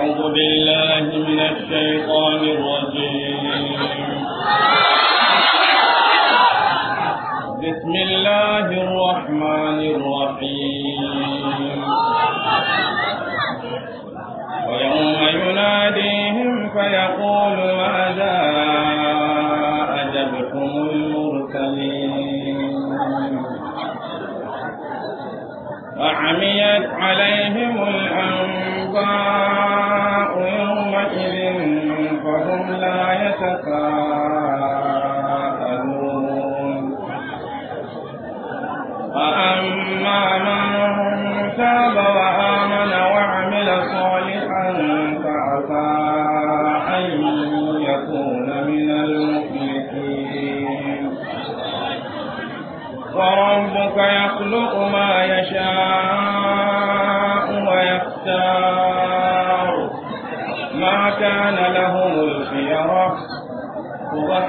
أعوذ بالله من الشيطان الرجيم بسم الله الرحمن الرحيم ويوم يناديهم فيقول ماذا أجبتم المرسلين فعميت عليهم الأنباء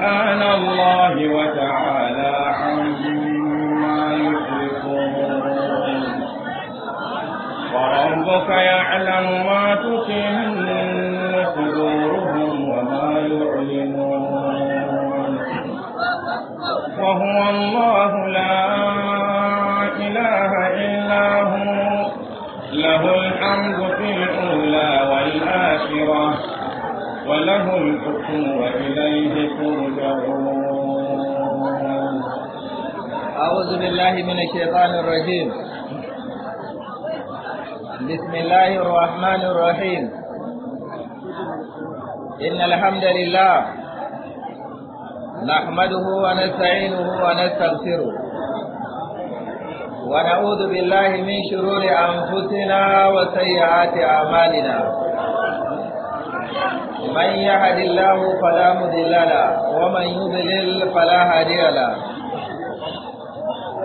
سبحان الله وتعالى عما يشركون وربك يعلم ما تكن صدورهم وما يعلمون وهو الله بالله من الشيطان الرجيم بسم الله الرحمن الرحيم إن الحمد لله نحمده ونستعينه ونستغفره ونعوذ بالله من شرور أنفسنا وسيئات أعمالنا من يهد الله فلا مضل له ومن يضلل فلا هادي له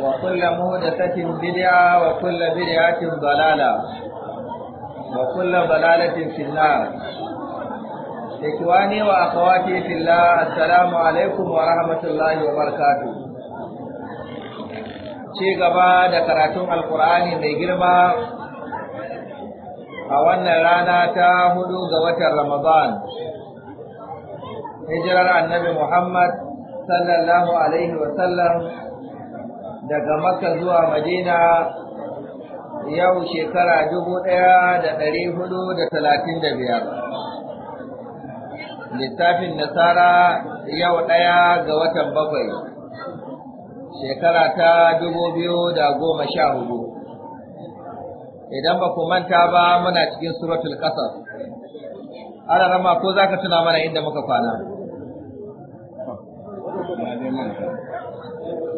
وكل مهدسة بدعة وكل بدعة ضلالة وكل ضلالة في النار إخواني وأخواتي في الله السلام عليكم ورحمة الله وبركاته ci gaba da karatun Alƙur'ani mai girma a wannan rana ta huɗu ga watan ramadan hijirar annabi muhammad sallallahu alaihi daga maka zuwa Madina yau shekara dubu ɗaya da ɗari hudu da talatin da biyar. Littafin Nasara yau ɗaya ga watan bakwai, shekara ta dubu biyu da goma sha hudu. Idan ba ku manta ba muna cikin suratul ƙasar. Ana rama ko za ka tuna mana inda muka kwana.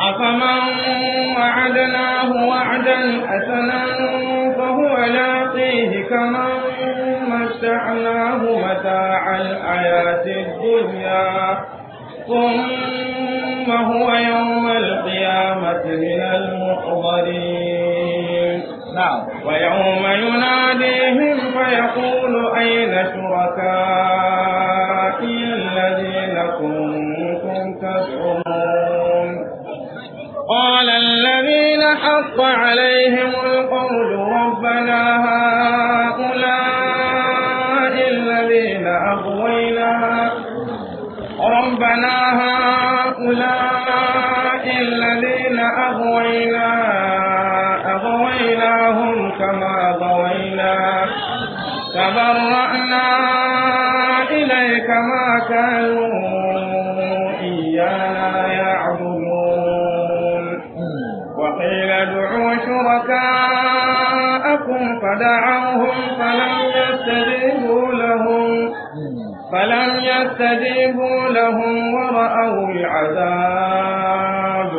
أفمن وعدناه وعدا حسنا فهو لاقيه كمن متعناه متاع الحياة الدنيا ثم هو يوم القيامة من المحضرين نعم ويوم يناديهم فيقول أين شركائي حق عليهم القول ربنا هؤلاء الذين أغوينا ربنا هؤلاء الذين أغوينا أغويناهم كما غوينا تبرأنا إليك ما كانوا فدعوهم فلم يستجيبوا لهم فلم يستجيبوا لهم ورأوا العذاب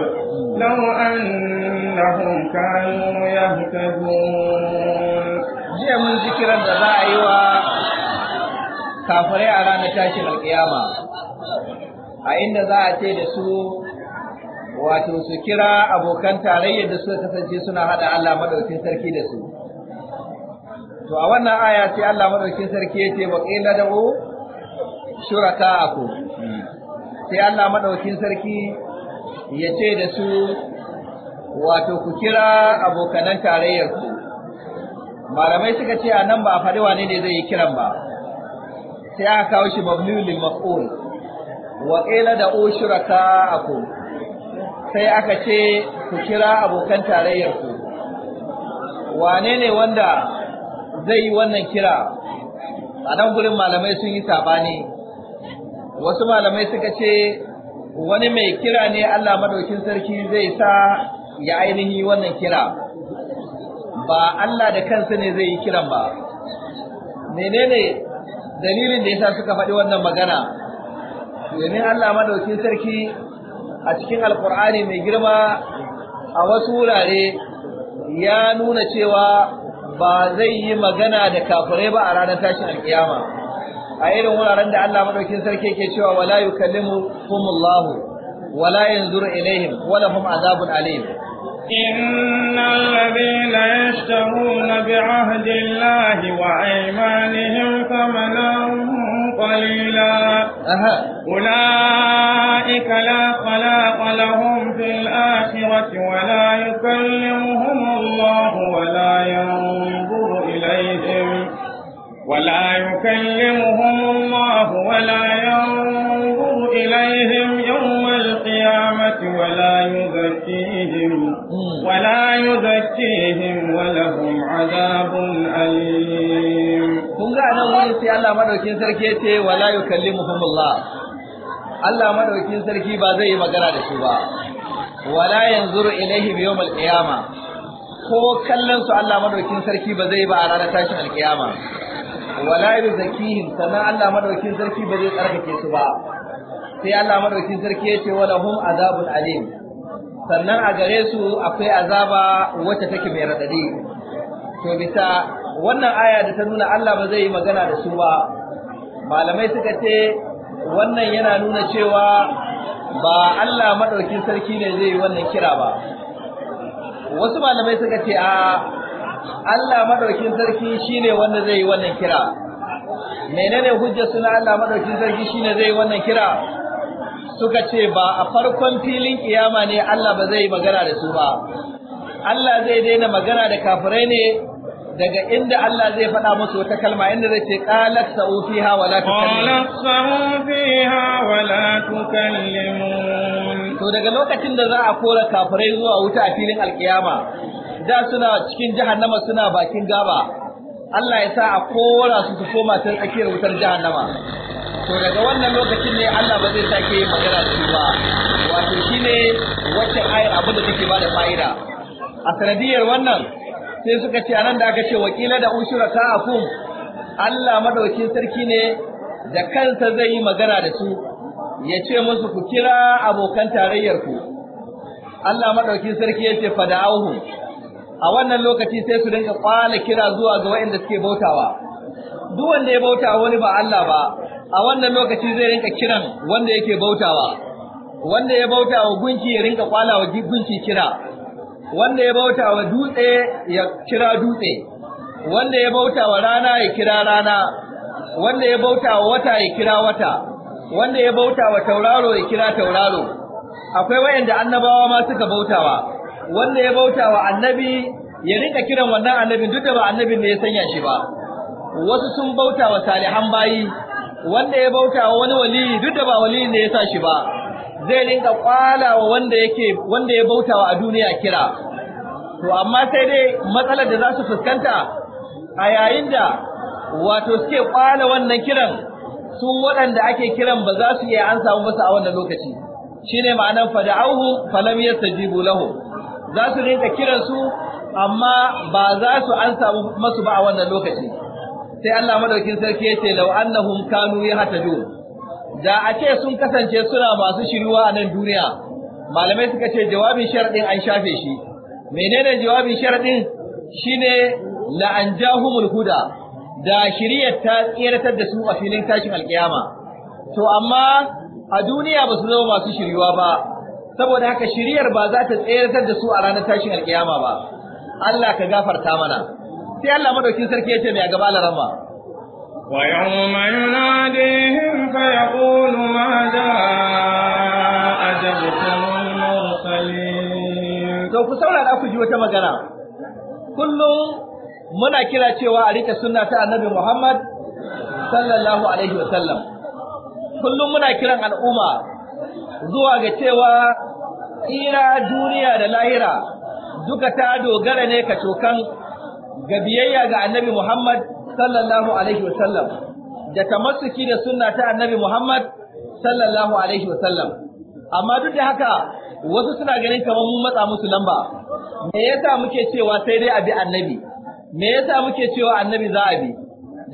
لو أنهم كانوا يهتدون jiya mun ji kiran da za a yi wa kafirai a ranar wato su kira abokan tarayyar da suka kasance suna hada Allah madaukakin sarki da su to a wannan aya sai Allah madaukakin sarki yace da qila shuraka ku sai Allah madaukakin sarki yace da su wato ku kira abokanan tarayyar ku malamai suka ce a nan ba a faɗi wane ne zai yi kiran ba sai aka kawo shi mabniyu lil maf'ul wa qila shuraka ku sai aka ce ku kira abokan tarayyar ku wane ne wanda zai yi wannan kira a nan gurin malamai sun yi sabani wasu malamai suka ce wani mai kira ne Allah madaukin sarki zai sa ya ainihi wannan kira ba Allah da kansa ne zai yi kiran ba menene dalilin da yasa suka faɗi wannan magana domin Allah madaukin sarki a cikin alkur'ani mai girma a wasu wurare ya nuna cewa ba zai yi magana da kafirai ba a ranar tashin alkiyama a irin wuraren da Allah madaukin sarki yake cewa wala yukallimuhumullah wala yanzuru ilaihim wala hum azabun alim إن الذين يشترون بعهد الله وأيمانهم ثمنا قليلا أولئك لا خلاق لهم في الآخرة ولا يكلمهم الله ولا ينظر إليهم ولا يكلمهم الله ولا ينظر إليهم يوم القيامة ولا يزكيهم ولا يزكيهم ولهم عذاب أليم kun ga nan wani sai Allah madaukin sarki ya ce wala yukallimuhum Allah Allah madaukin sarki ba zai yi magana da su ba wala yanzuru ilaihim yawmal qiyama ko kallon su Allah madaukin sarki ba zai ba a ranar tashin alkiyama wala yuzakihim sanan Allah madaukin sarki ba zai tsarkake su ba sai Allah madaukin sarki ya ce wala hum azabun alim sannan a gare su akwai azaba wacce take mai radadi to bisa wannan aya da ta nuna Allah ba zai yi magana da su ba malamai suka ce wannan yana nuna cewa ba Allah madaukin sarki ne zai yi wannan kira ba wasu malamai suka ce a Allah madaukin sarki shine wanda zai yi wannan kira menene hujjar suna Allah madaukin sarki shine zai yi wannan kira suka ce ba a farkon filin kiyama ne Allah ba zai yi magana da su ba Allah zai daina magana da kafirai ne daga inda Allah zai faɗa musu wata kalma inda zai ce qalat sa'u fiha wala tukallimun qalat sa'u fiha to daga lokacin da za a kora kafirai zuwa wuta a filin alkiyama da suna cikin jahannama suna bakin gaba Allah ya sa a kora su su koma ta tsakiyar wutar jahannama to daga wannan lokacin ne Allah ba zai sake yin magana da su ba wato shine wacce ayar abin da take ba da fa'ida a sanadiyar wannan sai suka ce anan da aka ce wakila da ushura ka'akum Allah madaukin sarki ne da kansa zai yi magana da su ya ce musu ku kira abokan tarayyar ku Allah madaukin sarki ya ce fada'auhu a wannan lokaci sai su dinga kwala kira zuwa ga waɗanda suke bautawa duk wanda ya bauta wani ba Allah ba a wannan lokaci zai rinka kiran wanda yake bautawa wanda ya bauta wa gunki ya rinka kwala wa gunki kira wanda ya bauta wa dutse ya kira dutse wanda ya bauta wa rana ya kira rana wanda ya bauta wa wata ya kira wata wanda ya bauta wa tauraro ya kira tauraro akwai wayanda annabawa ma suka bautawa wanda ya bauta wa annabi ya rika kiran wannan annabin duk da ba annabin ne ya sanya shi ba wasu sun bauta wa salihan bayi wanda ya bauta wa wani wali duk da ba wali ne ya sa shi ba zai rinka wa wanda yake wanda ya bautawa a duniya kira to amma sai dai matsalar da za su fuskanta a yayin da wato suke kwala wannan kiran su waɗanda ake kiran ba za su iya an samu masa a wannan lokaci shine ma'anar fada'auhu falam yastajibu lahu za su rinka kiran su amma ba za su an samu masu ba a wannan lokaci sai Allah madaukin sarki yace law annahum kanu yahtajun da a ce sun kasance suna masu shiruwa a nan duniya malamai suka ce jawabin sharadin an shafe shi menene jawabin sharadin shine la an jahumul huda da shiriyar ta tsiratar da su a filin tashin alkiyama to amma a duniya ba su zama masu shiriwa ba saboda haka shiriyar ba za ta tsiratar da su a ranar tashin alkiyama ba Allah ka gafarta mana sai Allah madaukin sarki ya ce mai a gaba larama ويوم يناديهم فيقول ماذا أجبتم المرسلين to ku saurara ku ji wata magana kullum muna kira cewa a rike sunna ta annabi Muhammad sallallahu alaihi wa sallam kullum muna kiran al'umma zuwa ga cewa tsira duniya da lahira duka ta dogara ne ka cokan ga biyayya ga annabi Muhammad sallallahu alaihi wa sallam da tamassuki da sunna ta annabi Muhammad sallallahu alaihi wa sallam amma duk da haka wasu suna ganin kamar mun matsa musu lamba me yasa muke cewa sai dai a bi annabi me yasa muke cewa annabi za a bi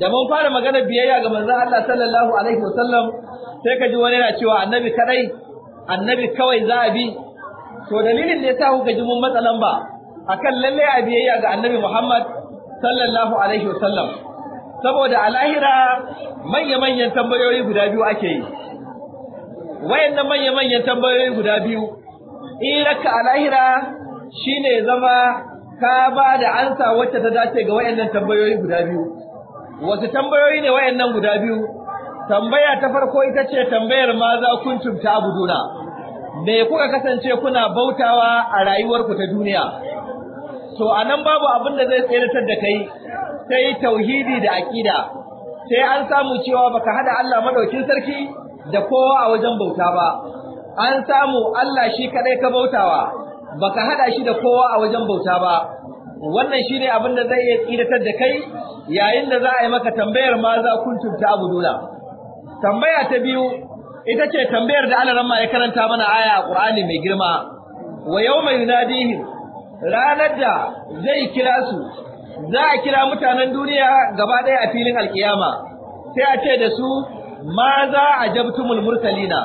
da mun fara magana biyayya ga manzon Allah sallallahu alaihi wa sallam sai ka ji wani yana cewa annabi kadai annabi kawai za a bi to dalilin da yasa kuka ji mun matsa lamba akan lalle a biyayya ga annabi Muhammad sallallahu alaihi wasallam saboda a lahira manya-manyan tambayoyi guda biyu ake yi wayannan manya-manyan tambayoyi guda biyu in raka a lahira ne zama ka ba da ansa wacce ta dace ga wayannan tambayoyi guda biyu wasu tambayoyi ne wayannan guda biyu tambaya ta farko ita ce tambayar ma za cimta abu abuduna me kuka kasance kuna bautawa a rayuwarku ta duniya to nan babu abin da zai tseratar da kai sai tauhidi da aƙida, sai an samu cewa baka hada Allah madaukin sarki da kowa a wajen bauta ba an samu Allah shi kadai ka bautawa baka hada shi da kowa a wajen bauta ba wannan shine abin da zai iya tsiratar da kai yayin da za a yi maka tambayar ma za kuntum dula tambaya ta biyu ita ce tambayar da Allah ma ya karanta mana aya a Qur'ani mai girma wa yawma yunadihim ranar da zai kira su za a kira mutanen duniya gaba ɗaya a filin alkiyama sai a ce da su ma za a jabtumul mursalina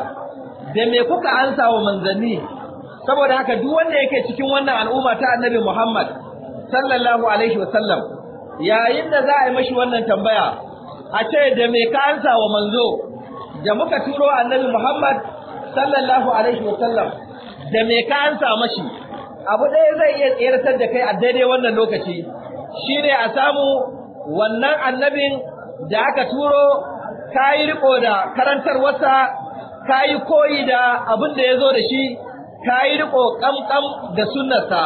da me kuka ansa wa manzanni saboda haka duk wanda yake cikin wannan al'umma ta annabi Muhammad sallallahu alaihi wa sallam yayin da za a yi mashi wannan tambaya a ce da me ka ansa wa manzo da muka turo annabi Muhammad sallallahu alaihi wa sallam da me ka ansa mashi abu ɗaya zai iya tsayar da kai a daidai wannan lokaci Shi ne a samu wannan annabin da aka turo yi riko da karantarwarsa yi koyi da abin da ya zo da shi yi riko ƙamƙam da sunnarsa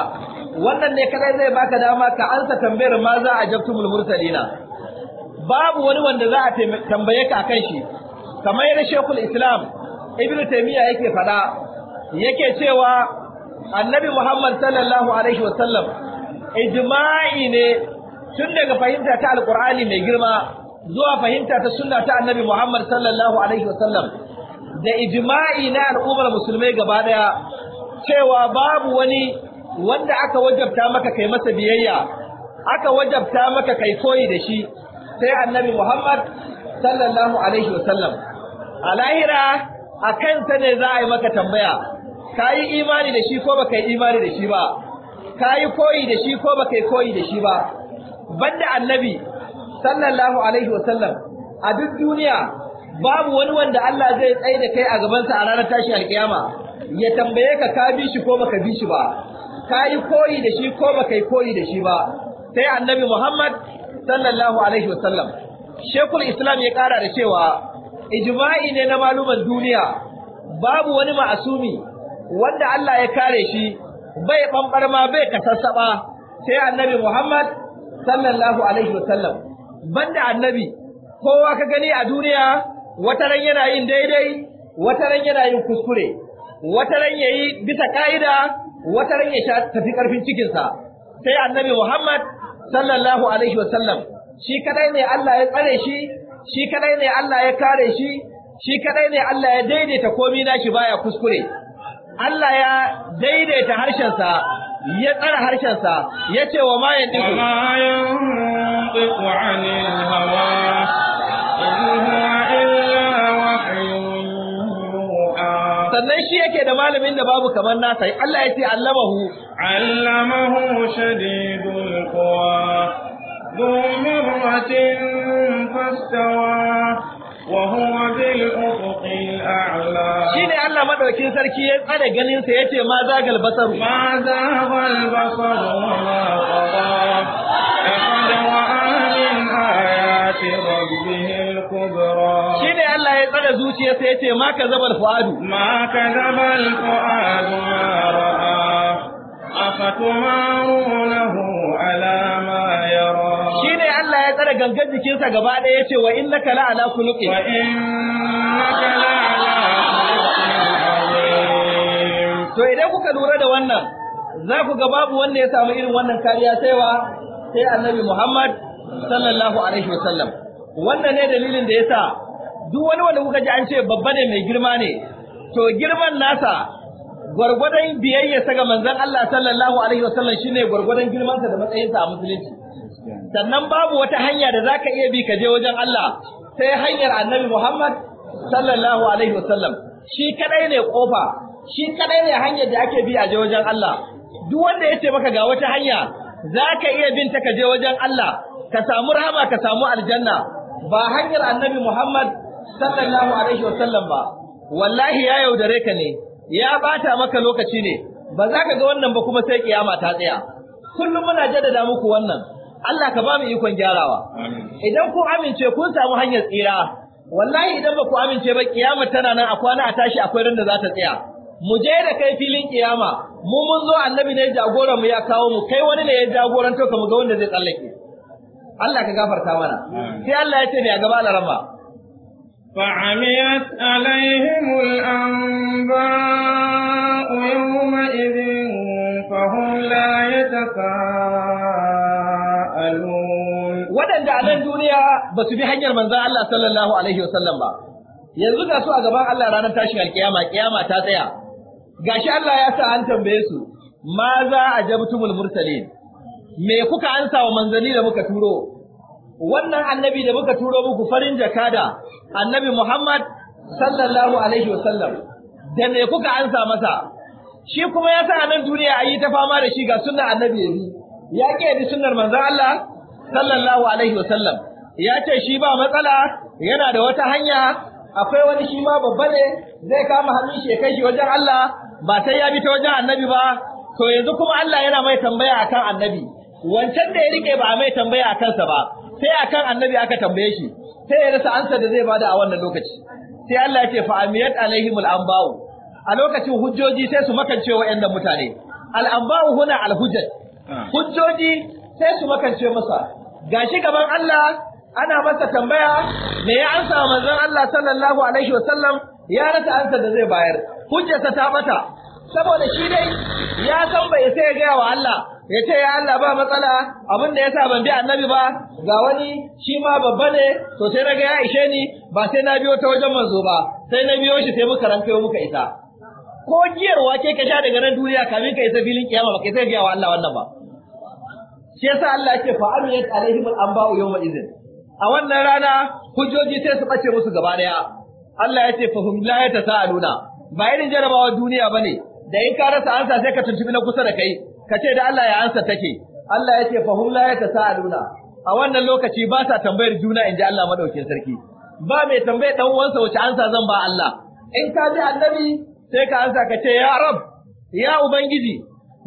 wannan ne kadai zai baka dama ka ansa tambayar ma za a jabtu mursalina babu wani wanda za a tambaye ka kan shi kamar yadda shekul islam ibn taymiya yake faɗa yake cewa annabi muhammad sallallahu alaihi wasallam ijma'i ne tun daga fahimta ta alqur'ani mai girma zuwa fahimta ta sunna ta annabi Muhammad sallallahu alaihi wasallam da ijma'i na al'ummar musulmai gaba daya cewa babu wani wanda aka wajabta maka kai masa biyayya aka wajabta maka kai koyi da shi sai annabi Muhammad sallallahu alaihi wasallam a lahira a kansa ne za a yi maka tambaya ka yi imani da shi ko baka yi imani da shi ba kayi koyi da shi ko baka koyi da shi ba banda annabi sallallahu alaihi wasallam a duk duniya babu wani wanda Allah zai tsaye da kai a gabansa a ranar tashi alkiyama ya tambaye ka ka bi shi ko baka bi shi ba yi koyi da shi ko baka koyi da shi ba sai annabi Muhammad sallallahu alaihi wasallam Shekul Islam ya kara da cewa ijma'i ne na maluman duniya babu wani ma'asumi wanda Allah ya kare shi bai ɓanɓarma bai kasassaɓa sai annabi Muhammad sallallahu alaihi wasallam banda annabi kowa ka gani a duniya wata ran yana yin daidai wata ran yana yin kuskure wata ran yi bisa ka'ida wata ran ya sha tafi karfin cikinsa sai annabi Muhammad sallallahu alaihi wasallam shi kadai ne Allah ya tsare shi shi kadai ne Allah ya kare shi shi kadai ne Allah ya daidaita komi nashi baya kuskure Allah ya daidaita harshensa ya tsara harshensa ya ce wa mayan ɗiku. Sannan shi yake da malamin da babu kamar nasa, Allah ya ce allamahu. Allamahu shadidul kowa, domin fastawa. Wahu Allah. Shi maɗaukin Sarki ya tsada ganinsa, ya ce ma zagal basaru. Ma zabar ba kwarwa Ya Allah ya tsada zuciyarta, ya ce ma ka zabar ku adu. Ma ka zabar ku ma ra'a. أفتمارونه على ما يرى شيني الله يترى قنقد كيسا قبعد يتي وإنك لا على خلق وإنك لا على To idan kuka lura da wannan, za ku ga babu wanda ya samu irin wannan kariya saiwa sai annabi Muhammad sallallahu alaihi wasallam. Wannan ne dalilin da ya sa duk wani wanda kuka ji an ce babba ne mai girma ne, to girman nasa gwargwadon biyayyarsa ga manzon Allah sallallahu alaihi wasallam shine gwargwadon girmansa da matsayinsa a musulunci sannan babu wata hanya da zaka iya bi ka je wajen Allah sai hanyar Annabi Muhammad sallallahu alaihi wasallam shi kadai ne kofa shi kadai ne hanyar da ake bi a je wajen Allah duk wanda ya ce maka ga wata hanya zaka iya bin ta ka je wajen Allah ka samu rahama ka samu aljanna ba hanyar Annabi Muhammad sallallahu alaihi wasallam ba wallahi ya yaudare ka ne ya bata maka lokaci ne ba za ka ga wannan ba kuma sai kiyama ta tsaya kullum muna jaddada muku wannan Allah ka ba mu ikon gyarawa idan ku amince kun samu hanyar tsira wallahi idan ba ku amince ba kiyama tana nan a kwana a tashi akwai ran da za ta tsaya mu je da kai filin kiyama mu mun zo annabi ne jagoran mu ya kawo mu kai wani ne ya jagoranta ka mu ga wanda zai tsallake Allah ka gafarta mana sai Allah ya ce ne a gaba فعميت عليهم الأنباء يومئذ فهم لا يتساءلون waɗanda a nan duniya ba su bi hanyar manzan Allah sallallahu alaihi wasallam ba yanzu ga su a gaban Allah ranar tashin alkiyama kiyama ta tsaya gashi Allah ya sa an tambaye su ma za a jabtumul mursalin me kuka ansa wa manzanni da muka turo wannan annabi da muka turo muku farin jakada annabi Muhammad sallallahu alaihi wasallam da ne kuka ansa masa shi kuma ya sa nan duniya ayi ta fama da shi ga sunnar annabi yabi ya ke da sunnar manzon Allah sallallahu alaihi wasallam ya ce shi ba matsala yana da wata hanya akwai wani shi ma babba ne zai kama hannun shi ya kai shi wajen Allah ba sai ya bi ta wajen annabi ba to yanzu kuma Allah yana mai tambaya akan annabi wancan da ya rike ba mai tambaya akan sa ba sai akan annabi aka tambaye shi sai ya rasa ansa da zai bada a wannan lokaci sai Allah ya ce fa amiyat alaihimul anba'u a lokacin hujjoji sai su makance wa'annan mutane al huna al ah. hujjoji sai su makance masa gashi gaban Allah ana masa tambaya me ya ansa manzon Allah sallallahu alaihi sallam, ya rasa ansa da zai bayar hujjarsa ta bata saboda shi dai ya san bai sai ya ga wa Allah ya ce ya Allah ba matsala abin da sa ban bi annabi ba ga wani shi ma babba ne to sai naga ya ishe ni ba sai na biyo ta wajen manzo ba sai na biyo shi sai muka rankayo muka isa ko giyar wake ka sha daga nan duniya kamin ka isa filin kiyama ba kai sai biya wa Allah wannan ba shi yasa Allah yake fa amiyat alaihim al-anba'u yawma idhin a wannan rana hujjoji sai su bace musu gaba daya Allah ya ce ya la ya tasa'aluna ba irin jarabawar duniya bane da in ka rasa ansa sai ka tuntubi na kusa da kai ka ce da Allah ya ansa take Allah ya ce fahum la yatasaaluna a wannan lokaci ba sa tambayar juna inji Allah madaukin sarki ba mai tambaye dan uwansa wace ansa zan ba Allah in ka ji annabi sai ka ansa ka ce ya rab ya ubangiji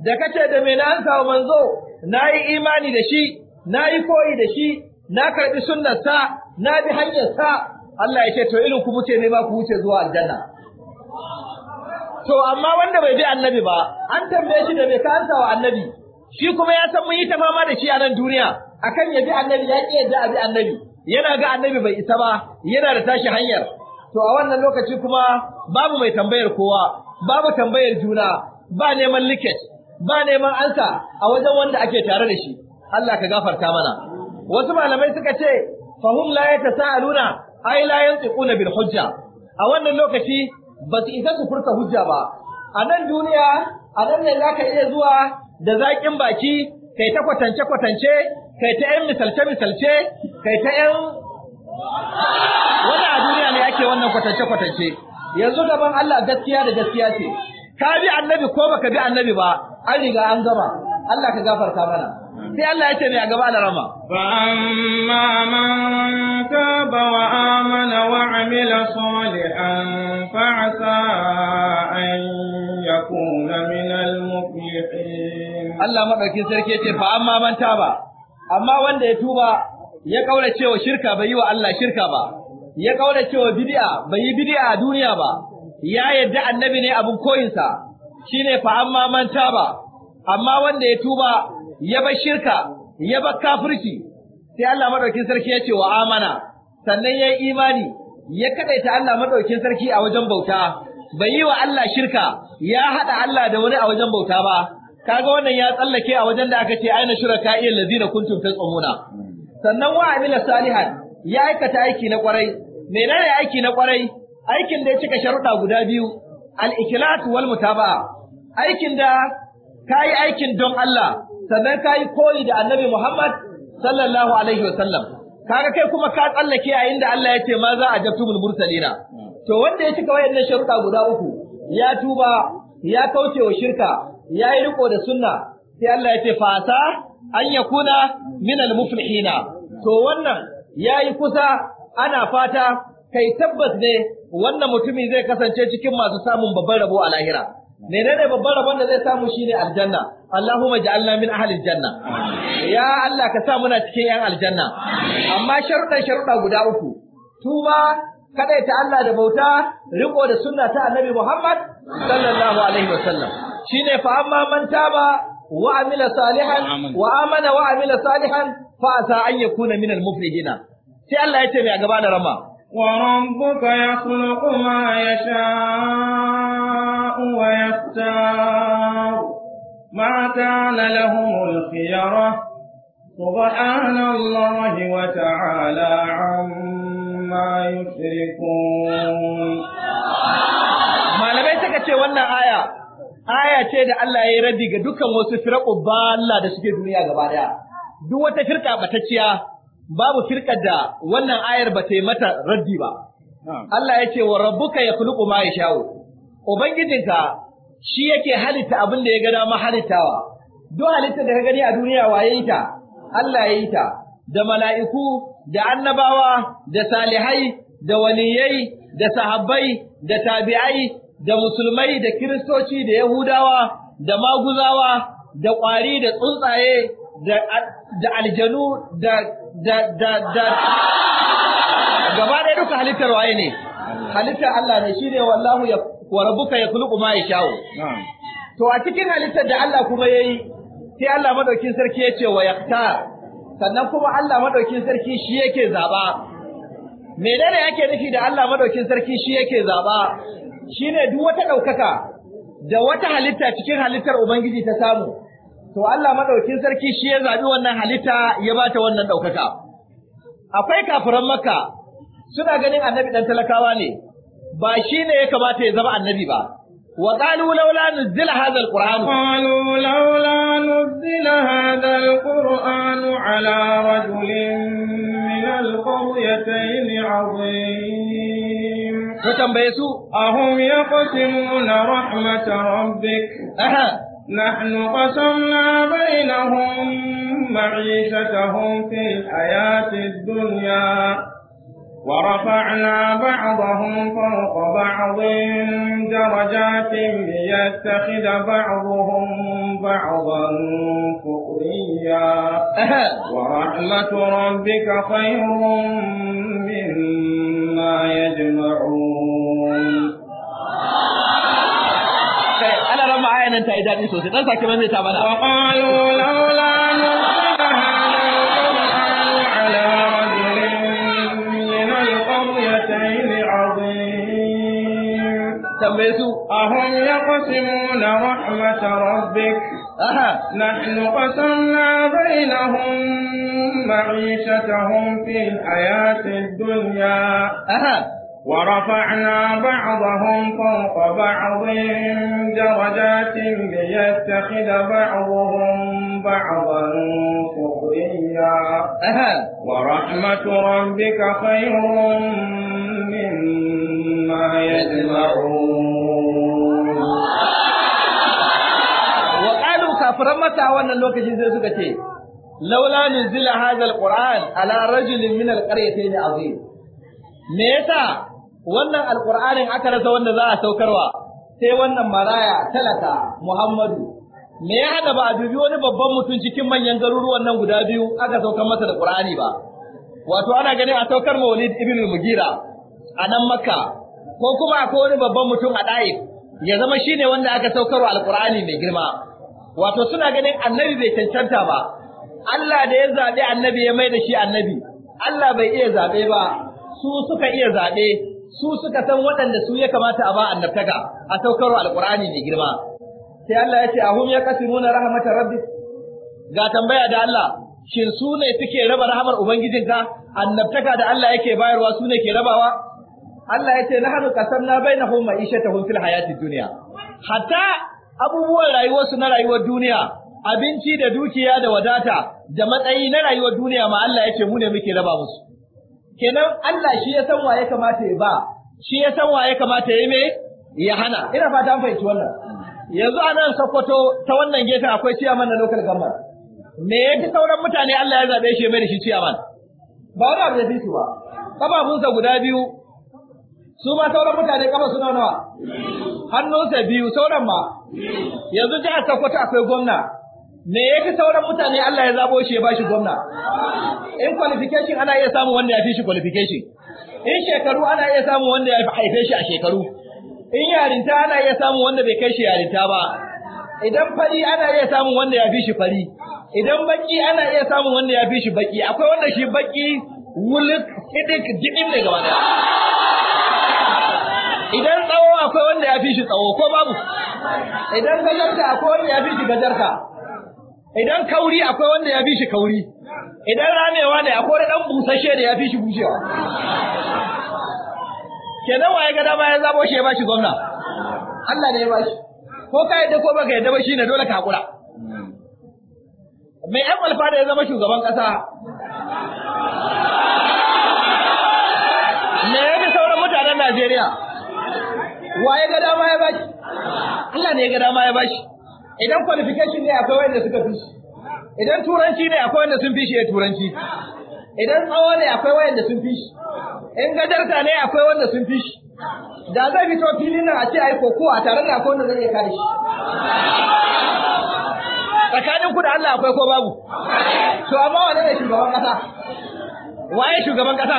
da kace da me na ansa wa manzo nayi imani da shi nayi koyi da shi na karbi sunnarsa na bi hanyarsa Allah ya ce to irin ku ne, ba ku wuce zuwa aljanna to amma wanda bai bi annabi ba an tambaye shi da bai ka ansawa wa annabi shi kuma ya san mun yi ta fama da shi a nan duniya akan ya bi annabi ya ki yadda a bi annabi yana ga annabi bai isa ba yana da tashi hanyar to a wannan lokaci kuma babu mai tambayar kowa babu tambayar juna ba neman liket ba neman ansa a wajen wanda ake tare da shi Allah ka gafarta mana wasu malamai suka ce fahum la sa'aluna, ai la yantiquna bil hujja a wannan lokaci ba su isa su furta hujja ba a nan duniya a nan ne za ka iya zuwa da zaƙin baki kai ta kwatance kwatance kai ta yan misalce misalce kai ta yan wani a duniya ne ake wannan kwatance kwatance yanzu gaban Allah gaskiya da gaskiya ce ka bi annabi ko baka bi annabi ba an riga an gama Allah ka gafarta mana sai Allah ya ce ne a gaba da rama Ba amma man ba wa amana wa amila salihan fa asa an yakuna min al muflihin Allah madaukin sarki ce fa amma man ba, amma wanda ya tuba ya kaura cewa shirka bai yi wa Allah shirka ba ya kaura cewa bid'a bai yi bid'a a duniya ba ya yadda annabi ne abun koyinsa shine fa amma man ba, amma wanda ya tuba ya bar shirka ya bar kafirci sai Allah madaukin sarki ya ce wa amana sannan yayi imani ya ta Allah madaukin sarki a wajen bauta bai yi wa Allah shirka ya haɗa Allah da wani a wajen bauta ba kaga wannan ya tsallake a wajen da aka ce aina shirka iya ladina kuntum tsamuna.' sannan wa amila salihan ya aikata aiki na kwarai menene aiki na kwarai aikin da ya cika sharuɗa guda biyu al-ikhlas wal mutaba'a aikin da kai aikin don Allah sannan ka yi koyi da annabi Muhammad sallallahu alaihi wa sallam kai kuma ka tsallake a inda Allah ya ce ma za a mul mursalina to wanda ya cika wayannan sharuɗa guda uku ya tuba ya kauce wa shirka ya yi riko da sunna sai Allah ya ce fasa an yakuna min al muflihina to wannan ya yi kusa ana fata kai tabbas ne wannan mutumin zai kasance cikin masu samun babban rabo a lahira menene babban rabon da zai samu shine aljanna Allahumma ja'alna min ahli Janna. ya Allah ka sa muna cikin yan aljanna amma sharuɗan sharuɗa guda uku tuba ta Allah da bauta riko da sunna ta Annabi Muhammad sallallahu alaihi wasallam shine fa amma man taba wa amila salihan wa amana wa amila salihan fa asa an yakuna min al-muflihina sai Allah ya ce mai gaba da rama وربك يخلق ما يشاء ويختار ما كان لهم الخيرة سبحان الله وتعالى عما يشركون malamai suka ce wannan aya aya ce da Allah ya yi raddi ga dukkan wasu firqu balla da suke duniya gaba duk wata firka batacciya babu firkar da wannan ayar ba ta yi mata raddi ba Allah ya ce wa rabbuka yakhluqu ma yasha'u Ubangijinka shi yake halitta abin da ya ga mahalittawa, halittawa, duk halitta da ka gani a duniya waye yi ta, Allah ya yi ta, da mala'iku, da annabawa, da salihai, da waliyai, da sahabbai, da tabi'ai, da musulmai, da kiristoci, da yahudawa, da maguzawa, da ƙwari, da tsuntsaye, da aljanu, da da da da gaba ɗaya duka halittar waye ne halittar Allah ne shi ne wallahu ya wa rabbuka yakhluqu ma yasha'u to a cikin halittar da Allah kuma yayi sai Allah madaukin sarki ya wa yaktar sannan kuma Allah madaukin sarki shi yake zaba menene yake nufi da Allah madaukin sarki shi yake zaba shine duk wata daukaka da wata halitta cikin halittar ubangiji ta samu to Allah madaukin sarki shi ya zabi wannan halitta ya bata wannan daukaka akwai kafiran makka suna ganin annabi dan talakawa ne ba shi ne ya kamata ya zama annabi ba. Wa ƙalu laula nuzila hadal Qur'an. Ƙalu laula nuzila hadal Qur'an ala rajulin min al-qaryatayn azim. Ko tambaye su ahum yaqsimuna rahmata rabbik. Aha. نحن قسمنا بينهم معيشتهم في الحياة الدنيا ورفعنا بعضهم فوق بعض درجات ليتخذ بعضهم بعضا فقريا ورحمة ربك خير مما يجمعون أنا رمى عينا تأيدان إسوسي قلت كمان تابنا وقالوا لولا نرى أهم يقسمون رحمة ربك أها. نحن قسمنا بينهم معيشتهم في الحياة الدنيا أها. ورفعنا بعضهم فوق بعض درجات ليتخذ بعضهم بعضا أها ورحمة ربك خير مما يجمعون kafiran mata wannan lokacin sai suka ce laula nuzila hadha alquran ala rajulin min alqaryatayn azim me yasa wannan alqur'anin aka rasa wanda za a saukarwa sai wannan maraya talaka muhammadu me ya hada ba a dubi wani babban mutum cikin manyan garuruwan nan guda biyu aka saukar masa da qur'ani ba wato ana ganin a saukar ma walid ibn mugira a nan makka ko kuma akwai wani babban mutum a ɗaif ya zama shine wanda aka saukarwa alqur'ani mai girma wato suna ganin annabi bai cancanta ba Allah da ya zabe annabi ya mai da shi annabi Allah bai iya zabe ba su suka iya zabe su suka san waɗanda su ya kamata a ba annabtaka a saukar alqur'ani mai girma sai Allah ya ce a ahum yaqsimuna rahmatar rabbi ga tambaya da Allah shin su ne suke raba rahmar ubangijinka annabtaka da Allah yake bayarwa su ne ke rabawa Allah ya ce nahnu qasamna bainahum ma'ishatahum fil hayati dunya hatta abubuwan rayuwarsu na rayuwar duniya abinci da dukiya da wadata da matsayi na rayuwar duniya ma Allah yake mu ne muke raba musu kenan Allah shi ya san waye kamata ya ba shi ya san waye kamata ya me ya hana ina fata an fahimci wannan yanzu a nan Sokoto ta wannan gefe akwai ciyaman na local government me yake sauran mutane Allah ya zabe shi ya mai da shi ciyaman ba wani abu da ba kababunsa guda biyu su ma sauran mutane kafa suna nawa hannunsa biyu sauran ma yanzu jihar Sokoto akwai gwamna me yake sauran mutane Allah ya zabo shi ya bashi gwamna in qualification ana iya samu wanda ya fi shi qualification in shekaru ana iya samu wanda ya haife shi a shekaru in yarinta ana iya samu wanda bai kai shi yarinta ba idan fari ana iya samu wanda ya fi shi fari idan baki ana iya samu wanda ya fi shi baki akwai wanda shi baki wulik hidik jikin ne gaba daya idan tsawo akwai wanda ya fi shi tsawo ko babu idan gajarta akwai wanda ya fi shi gajarta idan kauri akwai wanda ya fi shi kauri idan ramewa ne akwai dan busashe da ya fi shi bushewa kenan waye gada dama ya zabo shi ya bashi gwamna Allah ne ya bashi ko ka yadda ko baka yadda ba shine dole ka hakura mai yan alfada ya zama shugaban kasa me ya bi sauran mutanen Najeriya wa ya ga dama ya bashi Allah ne ya ga dama ya bashi idan qualification ne akwai wanda suka fi shi idan turanci ne akwai wanda sun fi shi ya turanci idan tsawo ne akwai wanda sun fi shi in gadarta ne akwai wanda sun fi shi da zai fito filin nan a ce ai koko a tare da akwai wanda zai iya kare shi tsakanin ku da Allah akwai ko babu to amma wane ne shugaban kasa waye shugaban kasa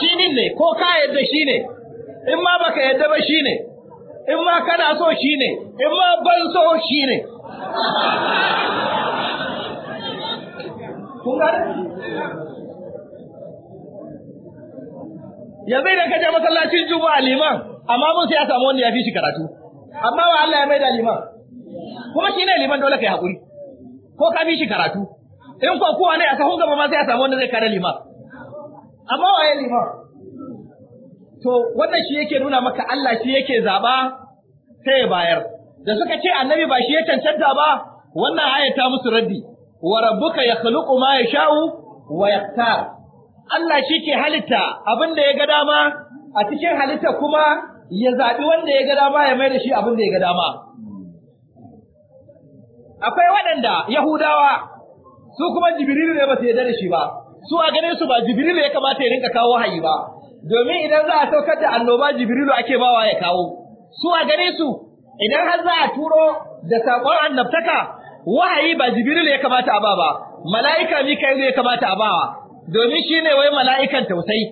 shi ne ko ka yadda shi ne in ma baka yadda ba shine in ma kana so shine in ma ban so shine ne. yanzu idan ka je masallacin a liman amma mun sai ya samu wanda ya fi shi karatu amma wa Allah ya maida liman kuma shi ne liman dole kai hakuri ko ka fi shi karatu in kuwa kowa ne a sahun gaba ma sai ya samu wanda zai kare liman amma wa ya liman to wannan shi yake nuna maka Allah shi yake zaba sai ya bayar da suka ce annabi ba shi ya cancanta ba wannan aya ta musu raddi wa rabbuka yakhluqu ma yasha'u wa yaktar Allah shi ke halitta abin da ya ga dama a cikin halitta kuma ya zaɓi wanda ya ga dama ya mai da shi abin da ya ga dama. Akwai waɗanda Yahudawa su kuma Jibrilu ne ba su yarda da shi ba, su a gane su ba Jibrilu ya kamata ya rinka kawo wahayi ba, domin idan za a saukar da annoba jibrilu ake bawa ya kawo su a gare su idan har za a turo da sakon annabtaka wahayi ba jibrilu ya kamata a ba ba mala'ika mikail ya kamata a bawa domin shine wai mala'ikan tausayi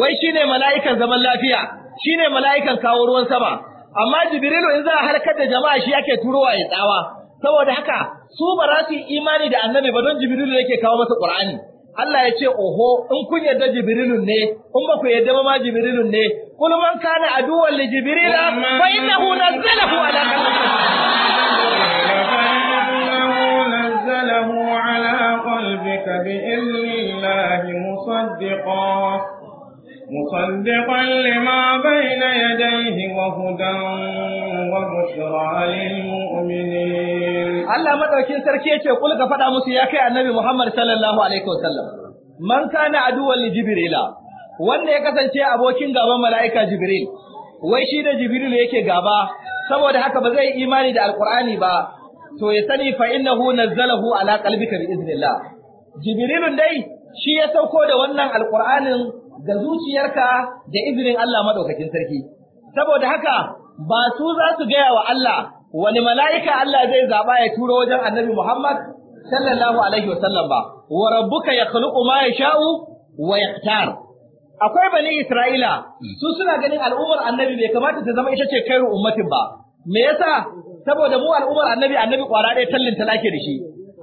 wai shine mala'ikan zaman lafiya shine mala'ikan kawo ruwan sama amma jibrilu in za a halkar da jama'a shi ake turowa ya tsawa saboda haka su ba za su yi imani da annabi ba don jibrilu yake kawo masa qur'ani Allah ya ce oho in kun yadda jibrilun ne in ba ku yadda ma jibrilun ne kul man kana aduwwan li jibrila fa innahu nazzalahu ala qalbika bi idhnillahi musaddiqan مصدقا لما بين يديه وهدى وبشرى للمؤمنين الله مدوكين سركي yace kul ka fada musu ya kai annabi Muhammad sallallahu alaihi wasallam man kana aduwan li jibrila wanda ya kasance abokin gaban mala'ika jibril wai shi da jibril yake gaba saboda haka ba zai yi imani da alqur'ani ba to ya sani fa innahu nazzalahu ala qalbika bi idnillah jibrilun dai shi ya sauko da wannan alqur'anin da zuciyarka da izinin Allah maɗaukakin sarki saboda haka ba su za su gaya wa Allah wani mala'ika Allah zai zaba ya turo wajen Annabi Muhammad sallallahu alaihi wasallam ba wa rabbuka yakhluqu ma yasha'u wa yaqtar akwai bani Isra'ila su suna ganin al'ummar Annabi bai kamata ta zama ita ce kairu ummatin ba me yasa saboda mu al'ummar Annabi Annabi kwara ɗaya tallin talake da shi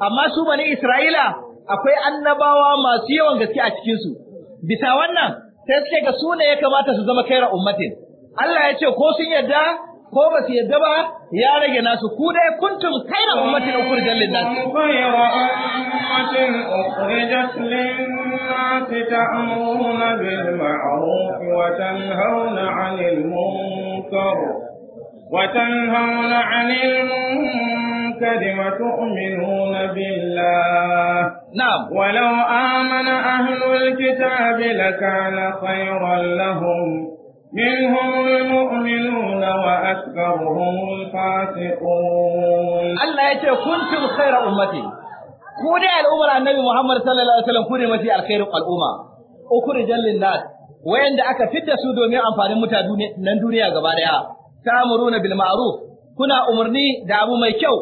amma su bani Isra'ila akwai annabawa masu yawan gaske a cikinsu bisa wannan sai suke ga sune ya kamata su zama kaira ummatin Allah ya ce ko sun yadda ko ba su yadda ba ya rage nasu ku dai kuntum kaira ummatin ukhrijat lin nas kaira ummatin ukhrijat lin nas ta'muruna bil ma'ruf wa tanhauna 'anil munkar وتنهون عن المنكر وتؤمنون بالله نعم ولو آمن أهل الكتاب لكان خيرا لهم منهم المؤمنون وأكثرهم الفاسقون الله يتي كنتم خير أمتي كوني الأمر النبي محمد صلى الله عليه وسلم كوني متي الخير الأمة أكرجا للناس وين da aka fidda su domin amfanin mutanen duniya gaba daya ta'muruna bil ma'ruf kuna umarni da abu mai kyau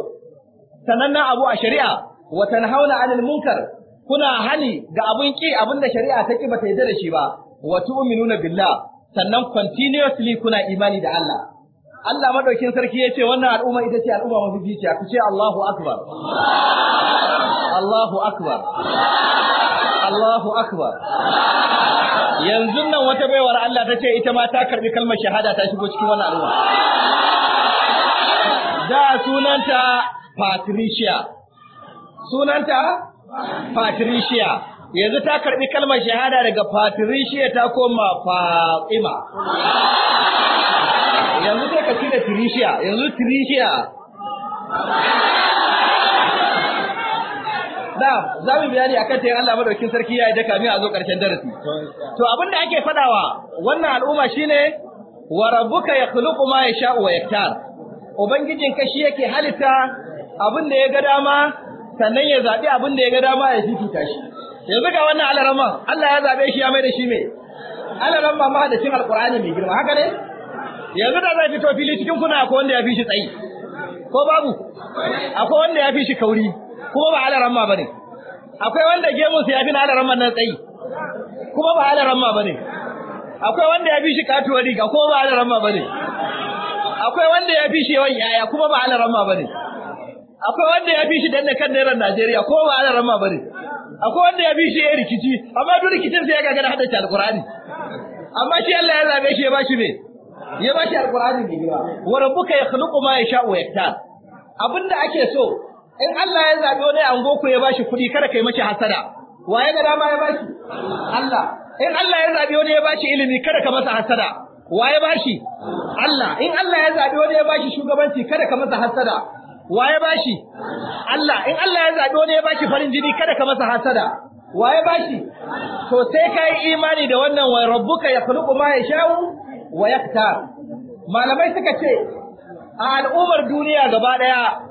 sanannen abu a shari'a wa tanhauna 'anil munkar kuna hani ga abun ki abin da shari'a ta ki bata yarda da shi ba wa tu'minuna billah sannan continuously kuna imani da Allah Allah madaukin sarki yace wannan al'umma ita ce al'umma mafi zuciya ku ce Allahu akbar Allahu akbar Allahu akbar yanzu nan wata baiwar Allah ta ce ita ma ta karbi kalmar shahada ta shigo cikin wannan al'umma da sunanta Patricia sunanta Patricia yanzu ta karbi kalmar shahada daga Patricia ta koma Fatima yanzu sai ka da Tricia yanzu Tricia Na, za mu bayani akan tayin Allah madaukin sarki ya yi daka mi a zo karshen darasi to abin da ake fadawa wannan al'umma shine wa rabbuka yakhluqu ma yasha'u wa yaktar ubangijin ka shi yake halitta abin da ya ga dama sannan ya zabi abin da ya ga dama ya fifita shi yanzu ga wannan alarama Allah ya zabe shi ya mai da shi me alarama ma da cin alqur'ani mai girma haka ne yanzu da zai fito fili cikin kuna akwai wanda ya fi shi tsayi ko babu akwai wanda ya fi shi kauri kuma ba alaramma bane akwai wanda gemun sa yafi na alaramman nan tsayi kuma ba alaramma bane akwai wanda ya fi shi katuwar riga kuma ba alaramma bane akwai wanda ya fi shi yawan yaya kuma ba alaramma bane akwai wanda ya fi shi danna kan naira Najeriya kuma ba alaramma bane akwai wanda ya fi shi ya rikici amma duk rikicin sai ya gaga da haddace alqur'ani amma shi Allah ya zabe shi ya bashi me ya bashi alqur'ani ne wa rabbuka yakhluqu ma yasha'u yaktar abinda ake so in Allah ya zaɓi wani ango ku ya bashi kuɗi kada kai mace hasada waye ga dama ya bashi Allah in Allah ya zaɓi wani ya bashi ilimi kada ka masa hasada waye bashi Allah in Allah ya zaɓi wani ya bashi shugabanci kada ka masa hasada waye bashi Allah in Allah ya zaɓi wani ya bashi farin jini kada ka masa hasada waye bashi to sai yi imani da wannan wa rabbuka kuma ya yasha'u wa yaktar malamai suka ce a al'ummar duniya gaba ɗaya.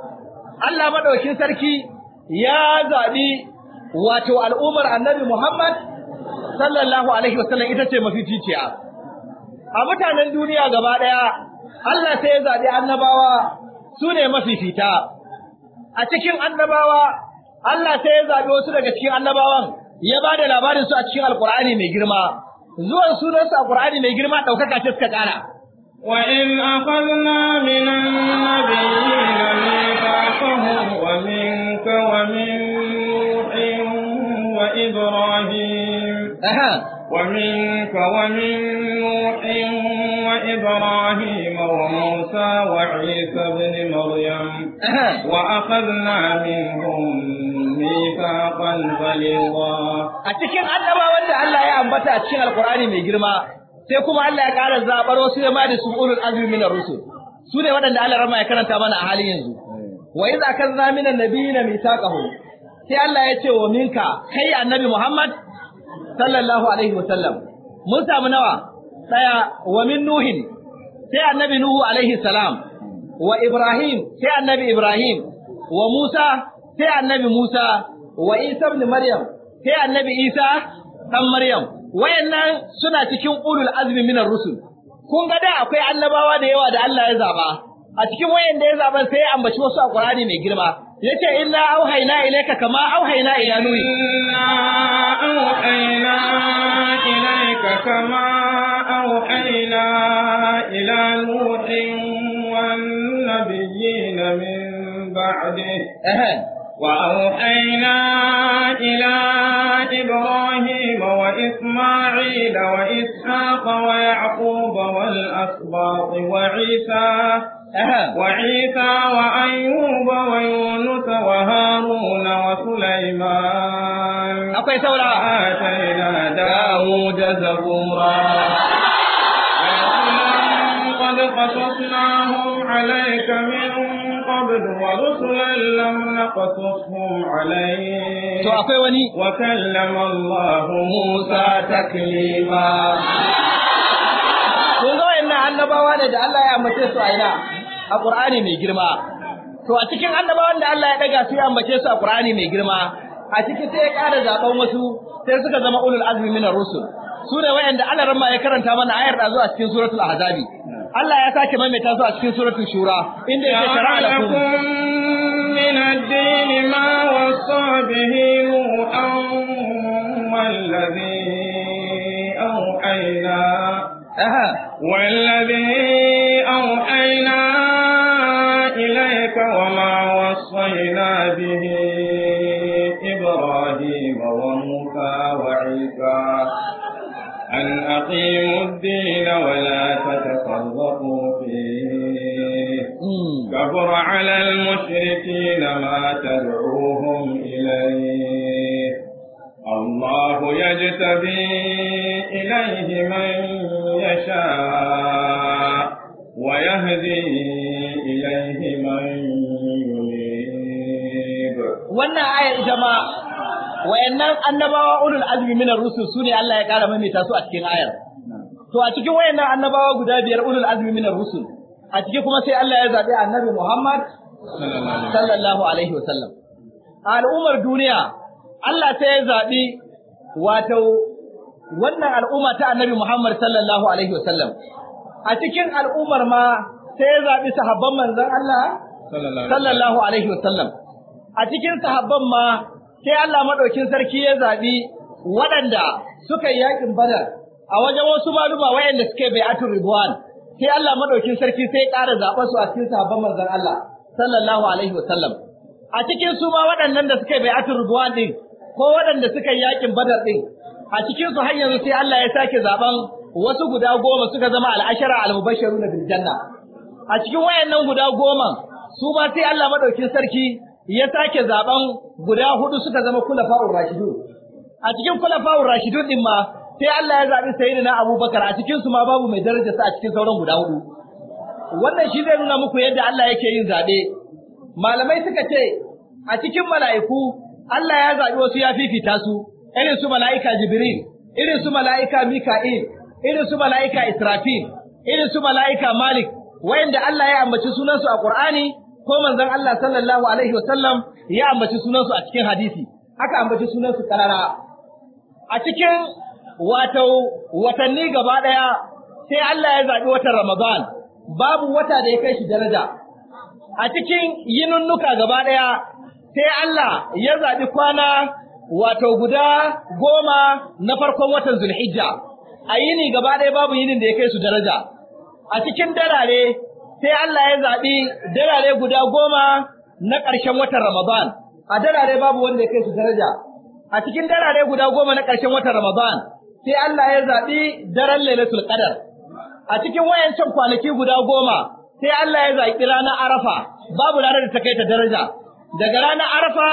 Allah madaukin sarki ya zabi wato al'ummar Annabi Muhammad sallallahu alaihi wasallam ita ce mafificiya a mutanen duniya gaba daya Allah sai ya zabi annabawa su ne mafifita a cikin annabawa Allah sai ya zabi wasu daga cikin annabawan ya bada labarin su a cikin alqur'ani mai girma zuwan sunansu a Qur'ani mai girma daukaka ce suka kara wa in aqalna minan nabiyyin وعفه ومنك ومن نوح وإبراهيم ومنك ومن نوح وإبراهيم وموسى وعيسى بن مريم وأخذنا منهم ميثاقا غليظا أتكين أدبا وأن الله يا أنبتا أتكين القرآن من جرما sai kuma Allah ya ƙara zaɓar wasu ya ma da su ulul azumi min ar-rusul su ne waɗanda Allah rama ya karanta mana a halin yanzu wa idza kadza min annabiyina mithaqahum sai Allah ya ce wa minka kai annabi Muhammad sallallahu alaihi wa sallam mun samu nawa daya wa min nuhin sai annabi nuhu alaihi salam wa ibrahim sai annabi ibrahim wa musa sai annabi musa wa isa ibn maryam sai annabi isa dan maryam wayannan suna cikin ulul azmi minar rusul kun ga da akwai annabawa da yawa da Allah ya zaba a cikin wayanda ya zaban sai ya ambaci wasu a Qur'ani mai girma yace inna auhayna ilayka kama auhayna ila nuhi inna auhayna ilayka kama auhayna ila nuhin wan nabiyina min ba'dihi وأوحينا إلى إبراهيم وإسماعيل وإسحاق ويعقوب والأسباط وعيسى وعيسى وأيوب ويونس وهارون وسليمان أكوي سورة آتينا داود زبورا قد قصصناهم عليك من قبل ورسلا لم نقصصهم عليك وكلم الله موسى تكليما kun ga wayannan annabawa ne da Allah ya amince su a ina a Qur'ani mai girma to a cikin annabawan da Allah ya daga su ya ambace su a Qur'ani mai girma a cikin sai ya ƙara zaben wasu sai suka zama ulul azmi minar rusul su ne wayanda Allah ramma ya karanta mana ayar da zuwa cikin suratul ahzabi Allah ya sake maimaita su a cikin suratul shura inda yake shara'a lakum من الدين ما وصى به نوحا والذي أوحينا والذي أوحينا وصينا به إبراهيم وموسى وعيسى أن أقيموا الدين ولا تتفرقوا فيه كبر على المشركين ما تدعوهم إليه الله يجتبي إليه من يشاء ويهدي إليه من wannan ayar ita ma wayannan annabawa ulul azmi min ar-rusul sune Allah ya kara maimaita su a cikin ayar to a cikin wayannan annabawa guda biyar ulul azmi min ar-rusul a cikin kuma sai Allah ya zabi annabi Muhammad sallallahu alaihi wasallam a al'ummar duniya Allah sai ya zabi wato wannan al'umma ta annabi Muhammad sallallahu alaihi wasallam a cikin al'ummar ma sai ya zabi sahabban manzon Allah sallallahu alaihi wasallam a cikin sahabban ma sai Allah madaukin sarki ya zabi waɗanda suka yi yakin badar a wajen wasu maluma wayanda suke bai atur ridwan sai Allah madaukin sarki sai ya ƙara zaɓa su a cikin sahabban manzon Allah sallallahu alaihi wasallam a cikin su ma waɗannan da suke bai atur ridwan din ko waɗanda suka yi yakin badar din a cikin su har yanzu sai Allah ya sake zaɓan, wasu guda goma suka zama al'ashara al-mubashshirun bil janna a cikin wayannan guda goma su ma sai Allah madaukin sarki ya sake zaben guda hudu suka zama kula kulafa'ur rashidun a cikin kula kulafa'ur rashidun ɗin ma sai Allah ya zabi sayyidina Abubakar a cikin ma babu mai daraja sa a cikin sauran guda hudu wannan shi zai nuna muku yadda Allah yake yin zaɓe. malamai suka ce a cikin mala'iku Allah ya zaɓi wasu ya fifita su irin mala'ika Jibril irinsu mala'ika Mika'il irinsu mala'ika Israfil irinsu mala'ika Malik wayanda Allah ya ambaci sunansu a Qur'ani ko manzon Allah sallallahu alaihi wasallam ya ambaci sunansu a cikin hadisi aka ambaci sunansu karara a cikin wato watanni gaba daya sai Allah ya zabi watan Ramadan babu wata da ya kai shi daraja a cikin yinunnuka gaba daya sai Allah ya zabi kwana wato guda goma na farkon watan Zulhijja a yini gaba daya babu yinin da ya kai su daraja a cikin darare sai Allah ya zaɓi darare guda goma na ƙarshen watan Ramadan. A darare babu wanda ya kai su daraja. A cikin darare guda goma na ƙarshen watan Ramadan, sai Allah ya zaɓi daren Lailatul Qadar. A cikin wayancan kwanaki guda goma, sai Allah ya zaɓi ranar Arafa, babu ranar da ta kai ta daraja. Daga ranar Arafa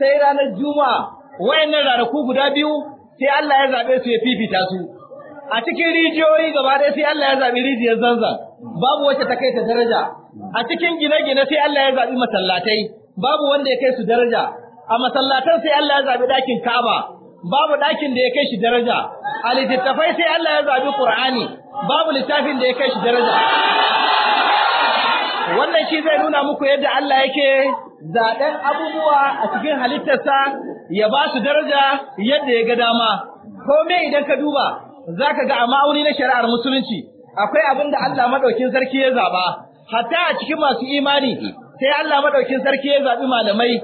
sai ranar Juma'a, wayannan ranaku guda biyu, sai Allah ya zaɓe su ya fifita su. A cikin rijiyoyi gaba ɗaya sai Allah ya zaɓi rijiyar zanzan. babu wacce ta kai ta daraja a cikin gine-gine sai Allah ya zabi masallatai babu wanda ya kai su daraja a masallatan sai Allah ya zabi dakin Kaaba babu dakin da ya kai shi daraja a littattafai sai Allah ya zabi Qur'ani babu littafin da ya kai shi daraja wannan shi zai nuna muku yadda Allah yake zaɓen abubuwa a cikin halittarsa ya ba su daraja yadda ya ga dama ko me idan ka duba zaka ga a ma'auni na shari'ar musulunci akwai abin da Allah madaukin sarki ya zaba hatta a cikin masu imani sai Allah madaukin sarki ya zabi malamai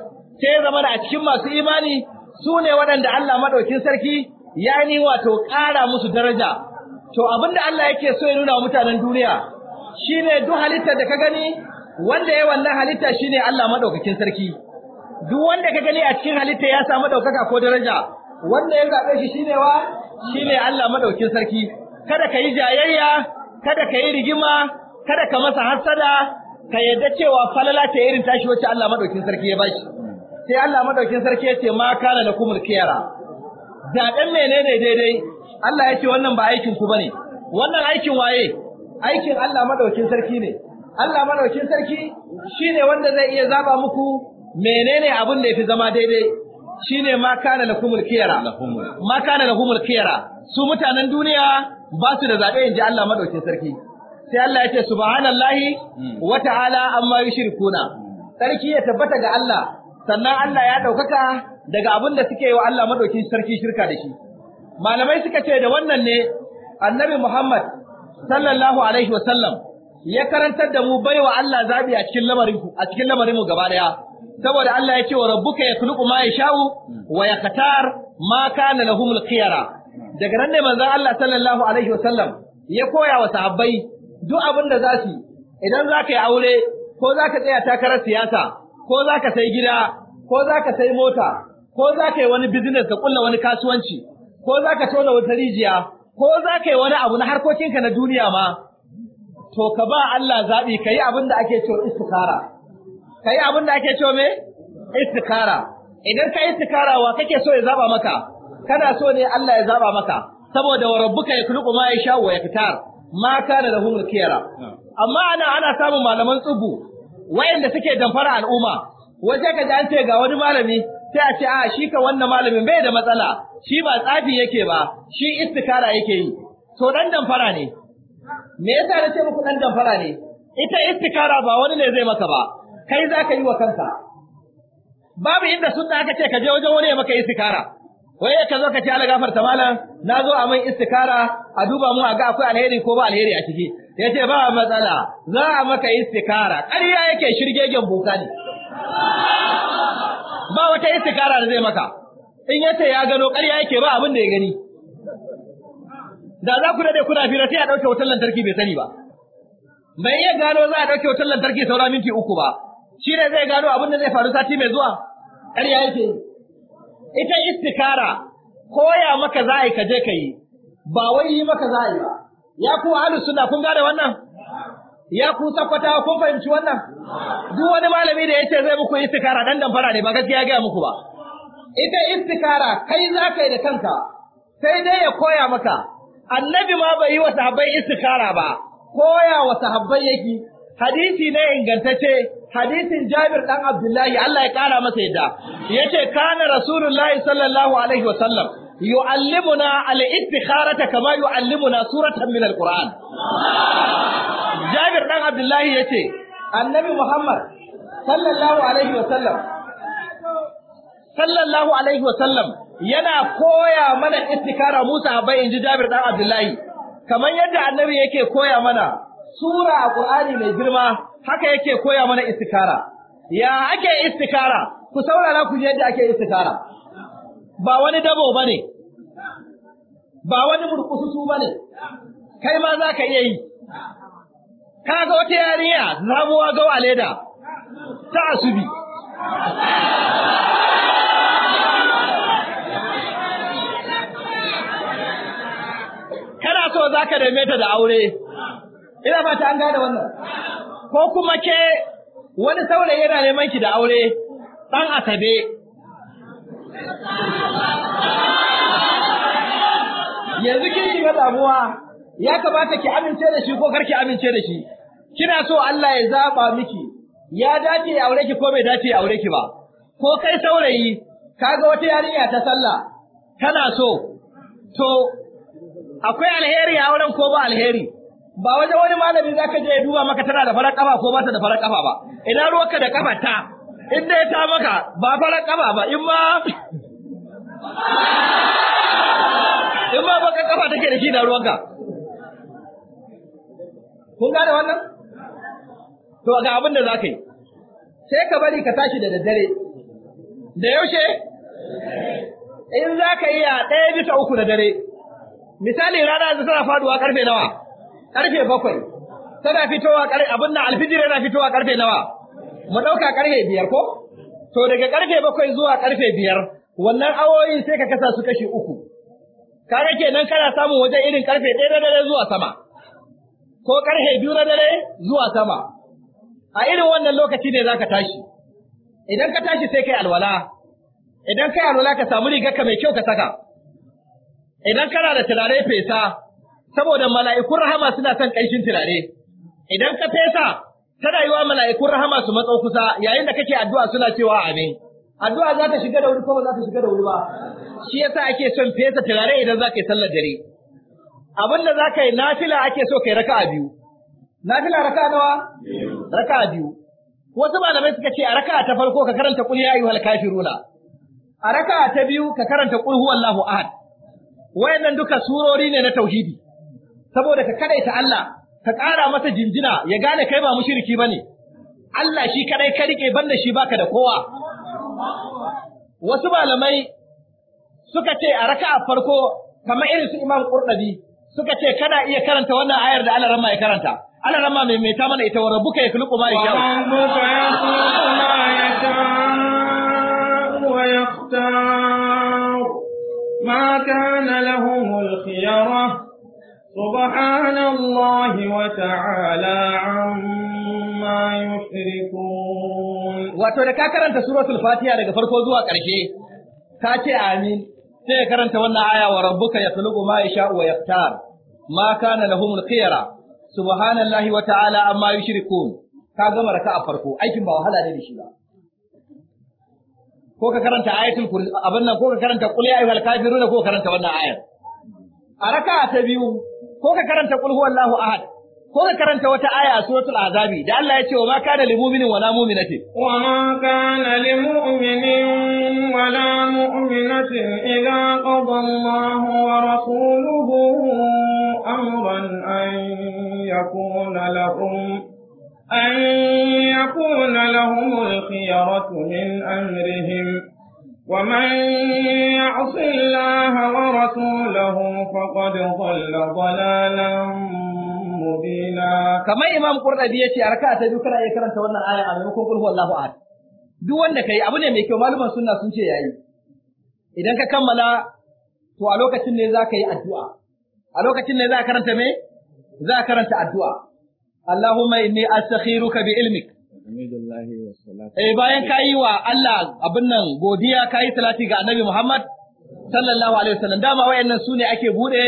sai zama zama a cikin masu imani su ne waɗanda Allah madaukin sarki ya ni wato ƙara musu daraja to abin da Allah yake so ya nuna wa mutanen duniya shine duk halittar da ka gani wanda ya wannan halitta shine Allah madaukakin sarki duk wanda ka gani a cikin halitta ya samu daukaka ko daraja wanda ya zabe shi shine wa shine Allah madaukakin sarki kada ka yi jayayya kada ka yi rigima kada ka masa hasada ka yadda cewa falala ta irin tashi wacce Allah madaukin sarki ya bashi sai Allah madaukin sarki ya ce ma kana lakumul Da zaben menene daidai Allah ya ce wannan ba aikin ku bane wannan aikin waye aikin Allah madaukin sarki ne Allah madaukin sarki shine wanda zai iya zaba muku menene abin da yafi zama daidai shine ma kana kumul kiyara. ma kana kumul kiyara. su mutanen duniya ba su da zaɓe in ji Allah madaukin sarki sai Allah ya ce subhanallahi wa ta'ala amma yushrikuna sarki ya tabbata ga Allah sannan Allah ya ɗaukaka daga abin da suke yi wa Allah madaukin sarki shirka da shi malamai suka ce da wannan ne annabi Muhammad sallallahu alaihi sallam, ya karantar da mu baiwa Allah zabi a cikin lamarin a cikin lamarin mu gaba ɗaya, saboda Allah ya ce wa rabbuka yakhluqu ma sha'u wa yaqtar ma kana lahumul khiyara daga nan ne manzon Allah sallallahu alaihi wasallam ya koya wa sahabbai duk abin da za su idan za ka yi aure ko za ka tsaya takarar siyasa ko za ka sai gida ko za ka sai mota ko za ka yi wani business ka kulla wani kasuwanci ko za ka tona wata rijiya ko za ka yi wani abu na harkokinka na duniya ma to ka ba Allah zaɓi ka yi abin da ake cewa istikara ka yi abin da ake cewa me istikara idan ka istikara wa kake so ya zaɓa maka kana so ne Allah ya zaba maka saboda wa rabbuka yakhluqu ma yasha wa yaktar ma kana lahum khiyara amma ana ana samun malaman tsubu wayanda suke damfara al'umma waje ka ji an ce ga wani malami sai a ce a ah, shi ka wannan malamin bai da matsala shi ba tsafi yake ba shi istikara yake yi to dan damfara ne me yasa ce muku dan damfara ne ita istikara ba wani ne zai maka ba kai zaka yi wa kanka babu inda sunna aka ce ka je wajen wani ya maka istikara wai ka zo ka ce ala gafarta malam na zo a mai istikara a duba mu a ga akwai alheri ko ba alheri a ciki ya ce ba matsala za a maka istikara ƙarya yake shirgegen boka ne ba wata istikara da zai maka in ya ce ya gano ƙarya yake ba abin da ya gani da za ku dade kuna fira sai a ɗauke wutar lantarki bai sani ba bai iya gano za a ɗauke wutar lantarki saura minti uku ba shi ne zai gano abin da zai faru sati mai zuwa ƙarya yake yi ita istikara koya maka za a yi ka je ka yi ba wai yi maka za a yi ba ya ku ahlus sunna kun gane wannan ya ku sakwatawa kun fahimci wannan duk wani malami da yace zai muku istikara dan dan fara ne ba gaskiya ga muku ba ita istikara kai za ka yi da kanka sai dai ya koya maka annabi ma bai yi wa sahabbai istikara ba koya wa sahabbai yake hadisi ne ingantacce hadisin Jabir dan Abdullahi Allah ya kara masa yadda yace kana rasulullahi sallallahu alaihi wa sallam yu'allimuna al-ittikharata kama yu'allimuna suratan min al-Qur'an Jabir dan Abdullahi yace Annabi Muhammad sallallahu alaihi wa sallam sallallahu alaihi wa sallam yana koya mana ittikara Musa bai inji Jabir dan Abdullahi kamar yadda Annabi yake koya mana sura a Qur'ani mai girma haka yake koya mana istikara ya ake istikara ku saurara ku ji yadda ake istikara ba wani dabo bane ba wani murkusu bane kai ma za ka iya yi ka ga wata yarinya zamuwa gawa leda ta asubi kana so za ka dame da aure ina fata an da wannan ko kuma ke wani saurayi yana neman ki da aure ɗan asabe. Yanzu kin shiga damuwa ya kamata ki amince da shi ko kar ki amince da shi. Kina so Allah ya zaba miki ya dace ya aure ki ko bai dace ya aure ki ba. Ko kai saurayi kaga wata yarinya ta sallah tana so to akwai alheri a auren ko ba alheri. ba wajen wani malami za ka je ya duba maka tana da farar kafa ko ba ta da farar kafa ba ina ruwanka da kafa ta in dai ta maka ba farar kafa ba in ma in ma baka kafa take da shi da ruwanka kun gane wannan to ga abin da za ka yi sai ka bari ka tashi da daddare da yaushe in za ka yi a ɗaya bisa uku da dare misali rana da tana faduwa karfe nawa karfe bakwai tana fitowa karfe abin da alfijir yana fitowa karfe nawa mu ɗauka karfe biyar ko to daga karfe bakwai zuwa karfe biyar wannan awoyin sai ka kasa su kashi uku kaga kenan kana samun wajen irin karfe ɗaya na dare zuwa sama ko karfe biyu na dare zuwa sama a irin wannan lokaci ne za ka tashi idan ka tashi sai kai alwala idan kai alwala ka samu rigar ka mai kyau ka saka idan kana da turare fesa saboda mala'ikun rahama suna son ƙanshin turare. Idan ka fesa, tana yi wa mala'ikun rahama su matsau kusa yayin da kake addu'a suna cewa amin. Addu'a za ta shiga da wuri ko ba za ta shiga da wuri ba. Shi yasa ake son fesa turare idan za ka yi sallar dare. Abin da za ka yi nafila ake so ka yi raka'a biyu. Nafila raka'a nawa? Raka'a biyu. Wasu malamai suka ce a raka'a ta farko ka karanta kul ya ayyuhal kafiruna. A raka'a ta biyu ka karanta kul huwallahu ahad. Wayannan duka surori ne na tauhidi. saboda ka kadaita Allah ka ƙara masa jinjina ya gane kai ba mushriki bane Allah shi kadai ka rike banda shi baka da kowa wasu malamai suka ce a raka'a farko kamar irin su Imam Qurtubi suka ce kana iya karanta wannan ayar da Allah ramma ya karanta Allah ramma mai mai ta mana ita wa rabbuka yakhluqu ma yasha wa yakhtar ma kana lahumul سبحان الله وتعالى عما يشركون wato da ka karanta suratul fatiha daga farko zuwa karshe? ka ce amin sai ka karanta wannan aya wa rabbuka yasluqu ma yasha'u wa yaftar ma kana lahumul khiyara subhanallahi wa ta'ala amma yushrikun ka gama raka a farko aikin ba wahala ne da shi ba ko ka karanta ayatul kursi abin nan ko ka karanta qul ya ayyuhal kafiruna ko ka karanta wannan ayar a raka ta biyu ko ka karanta qul huwallahu ahad ko ka karanta wata aya suratul azabi da Allah ya ce wa ma kana lil mu'minin wala mu'minatin wa ma kana lil mu'minin wala mu'minatin idza qada Allahu wa rasuluhu amran an yakuna lahum an yakuna lahum al-khiyaratu min amrihim ومن يعص الله ورسوله فقد ضل ضلالا مبينا كما امام قرطبي yace arka ta biyu kana iya karanta wannan aya a maimakon qul huwallahu ahad duk wanda kai abu ne mai kyau malaman sunna sun ce yayi idan ka kammala to a lokacin ne zaka yi addu'a a lokacin ne za ka karanta me za ka karanta addu'a Allahumma inni astakhiruka bi ilmik Eh bayan ka yi wa Allah abin nan godiya ka yi salati ga Annabi Muhammad sallallahu alaihi wasallam dama wayannan su ne ake bude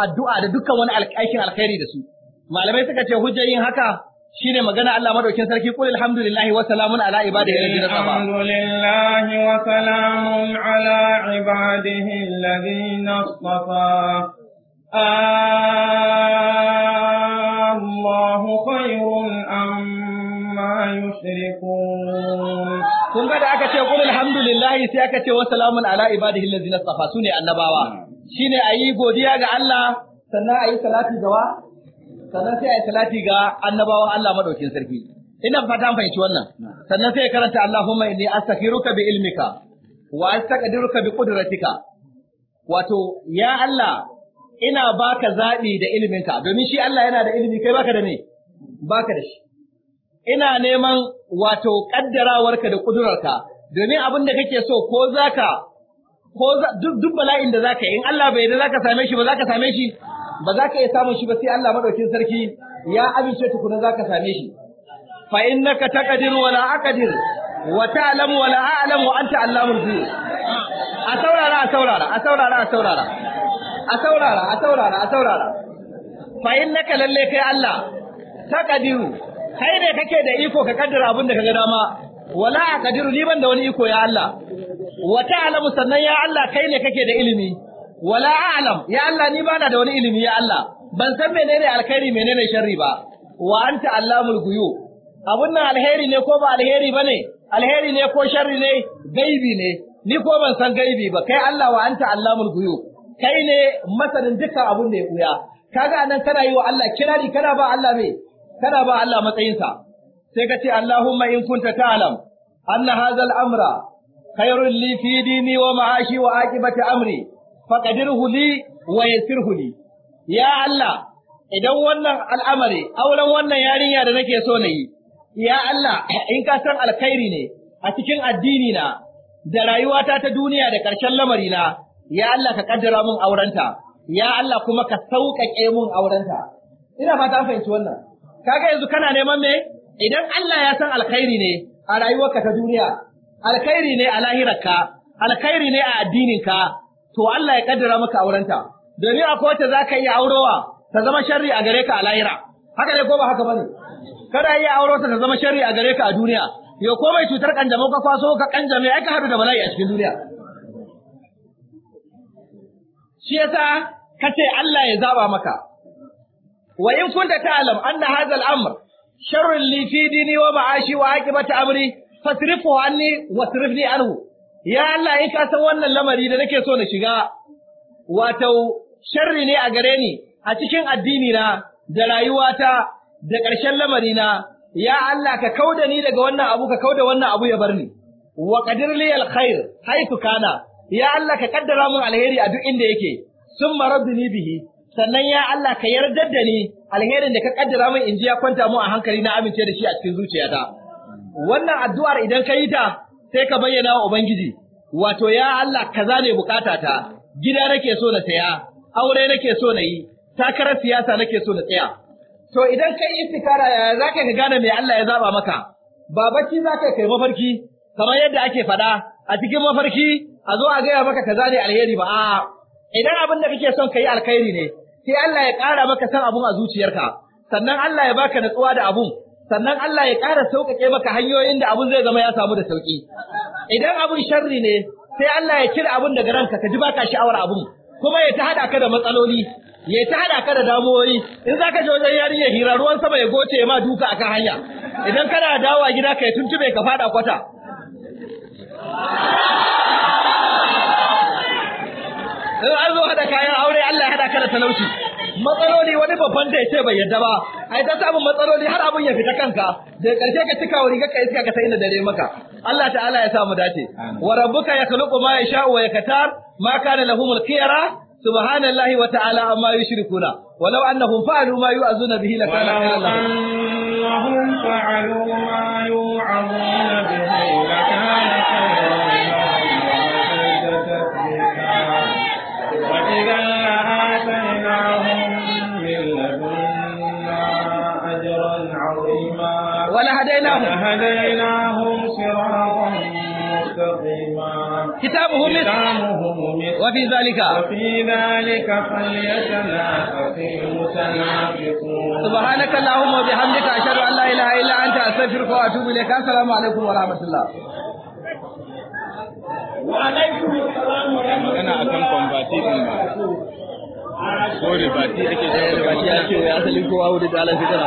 addu'a da dukkan wani aikin alkhairi da su. Malamai suka ce hujjoyin yin haka shine magana Allah madaukin sarki qul alhamdulillahi wa salamun ala ibadihi alladhina safa alhamdulillahi wa salamun ala ibadihi alladhina safa Allahu khairun amma. yushrikun kun ga da aka ce qul alhamdulillahi sai aka ce wa salamun ala ibadihi allazina safa sune annabawa shine ayi godiya ga Allah sannan ayi salati ga wa sannan sai ayi salati ga annabawan Allah madaukin sarki ina fata an fahimci wannan sannan sai karanta Allahumma inni astaghfiruka bi ilmika wa astaqdiruka bi qudratika wato ya Allah ina baka zaɓi da ilminka." domin shi Allah yana da ilimi kai baka da ne? baka da shi ina neman wato kaddarawarka da kudurarka domin abin da kake so ko zaka ko duk bala'in da zaka in Allah bai yarda zaka same shi ba zaka same shi ba zaka iya samun shi ba sai Allah madaukin sarki ya amince tukuna zaka same shi fa innaka taqdiru wala aqdir wa ta'lamu wala a'lamu anta allamul ghuyub a saurara a saurara a saurara a saurara a saurara a saurara a saurara fa innaka lalle kai Allah taqdiru kai ne kake da iko ka kaddara abin da kaga dama wala kadiru ni ban da wani iko ya Allah wa ta'lamu sannan ya Allah kai ne kake da ilimi wala a'lam ya Allah ni bana da wani ilimi ya Allah ban san menene alkhairi menene sharri ba wa anta allamul ghuyub abun nan alheri ne ko ba alheri bane alheri ne ko sharri ne gaibi ne ni ko ban san gaibi ba kai Allah wa anta allamul ghuyub kai ne masanin dukkan abun da ya buya kaga anan kana yi wa Allah kirari kana ba Allah mai kana ba Allah matsayinsa sai ka ce Allahumma in kunta ta'lam anna hadha al-amra khairul li fi dini wa ma'ashi wa aqibati amri faqadirhu li wa yassirhu li ya Allah idan wannan al'amari auren wannan yarinya da nake so na yi ya Allah in ka san alkhairi ne a cikin addini na da rayuwata ta duniya da ƙarshen lamari na ya Allah ka kaddara mun aurenta ya Allah kuma ka sauƙaƙe mun aurenta ina fata fahimci wannan kaga yanzu kana neman me idan Allah ya san alkhairi ne a rayuwarka ta duniya alkhairi ne a lahirarka alkhairi ne a addininka to Allah ya kaddara maka aurenta domin akwai wacce zaka iya aurowa ta zama sharri a gare ka a lahira haka ne ko ba haka bane kada iya aurowa ta zama sharri a gare ka a duniya yo ko mai cutar kanjamau ka kwaso ka kanjame ai ka hadu da bala'i a cikin duniya shi yasa kace Allah ya zaba maka wa in kunta ta'lam anna hadha al-amr sharrun li fi dini wa ma'ashi wa aqibati amri fasrifu anni wasrifni anhu ya Allah in ka san wannan lamari da nake so na shiga wato sharri ne a gare ni a cikin addini na da rayuwata da ƙarshen lamari na ya Allah ka kauda ni daga wannan abu ka kauda wannan abu ya bar ni wa qadir li alkhair haythu kana ya Allah ka kaddara mun alheri a duk inda yake summa ni bihi sannan ya Allah ka yarda da ni alherin da ka kaddara min in ji ya kwanta mu a hankali na amince da shi a cikin zuciyata wannan addu'ar idan ka yi ta sai ka bayyana wa ubangiji wato ya Allah kaza ne ta, gida nake so na saya aure nake so na yi takarar siyasa nake so na tsaya to idan ka yi istikara ya zaka ka gane mai Allah ya zaba maka ba bacci zaka kai mafarki kamar yadda ake faɗa a cikin mafarki a zo a gaya maka kaza ne alheri ba a'a idan abin da kake son ka yi alkhairi ne sai Allah ya ƙara maka san abun a zuciyarka sannan Allah ya baka natsuwa da abun sannan Allah ya ƙara sauƙaƙe maka hanyoyin da abun zai zama ya samu da sauƙi idan abun sharri ne sai Allah ya kira abun daga ranka ka ji baka sha'awar abun kuma ya ta hada ka da matsaloli ya ta hada ka da damuwoyi in zaka je wajen yarinya hira ruwan sama ya goce ma duka akan hanya idan kana dawowa gida ka ya tuntube ka fada kwata in an zo hada kayan aure Allah ya hada ka da talauci matsaloli wani babban da ce bai yadda ba ai ta samun matsaloli har abun ya fita kanka da karshe ka cika wa riga ka iska ka sai na dare maka Allah ta'ala ya sa mu dace wa rabbuka yakhluqu ma yasha'u wa yakatar ma kana lahumul khiyara سبحان الله وتعالى عما يشركون ولو أنهم فعلوا ما يؤذون به لكان خيرا لهم أنهم فعلوا ما يوعظون به لكان خيرا لهديناهم صراطا مستقيما كتابه مثل وفي ذلك وفي ذلك فليتنافس المتنافسون سبحانك اللهم وبحمدك أشهد أن لا إله إلا أنت أستغفرك وأتوب إليك السلام عليكم ورحمة الله وعليكم السلام ورحمة الله أنا أكم كومباتيف Sorry, ba ti ake shi ba ti ake asali kowa wuri da alafi kana.